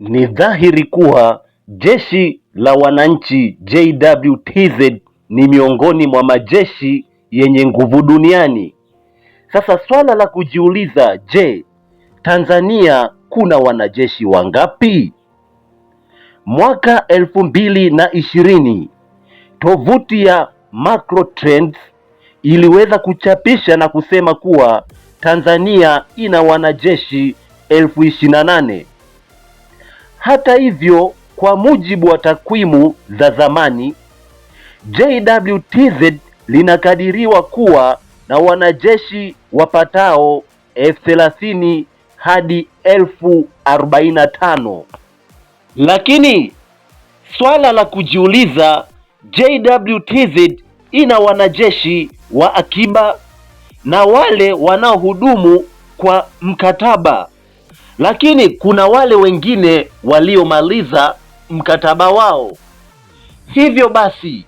Ni dhahiri kuwa Jeshi la Wananchi JWTZ ni miongoni mwa majeshi yenye nguvu duniani. Sasa swala la kujiuliza, je, Tanzania kuna wanajeshi wangapi? Mwaka elfu mbili na ishirini tovuti ya Macro Trends iliweza kuchapisha na kusema kuwa Tanzania ina wanajeshi elfu ishirini na nane. Hata hivyo, kwa mujibu wa takwimu za zamani, JWTZ linakadiriwa kuwa na wanajeshi wapatao elfu thelathini hadi elfu arobaini na tano lakini swala la kujiuliza, JWTZ ina wanajeshi wa akiba na wale wanaohudumu kwa mkataba lakini kuna wale wengine waliomaliza mkataba wao. Hivyo basi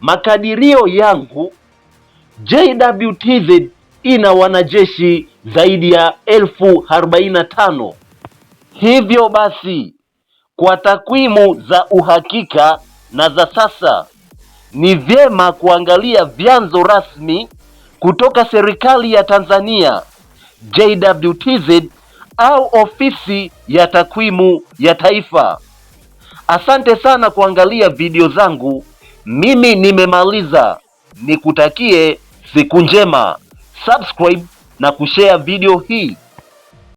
makadirio yangu, JWTZ ina wanajeshi zaidi ya elfu arobaini na tano. Hivyo basi kwa takwimu za uhakika na za sasa, ni vyema kuangalia vyanzo rasmi kutoka serikali ya Tanzania. JWTZ au ofisi ya takwimu ya taifa. Asante sana kuangalia video zangu. Mimi nimemaliza. Nikutakie siku njema. Subscribe na kushare video hii.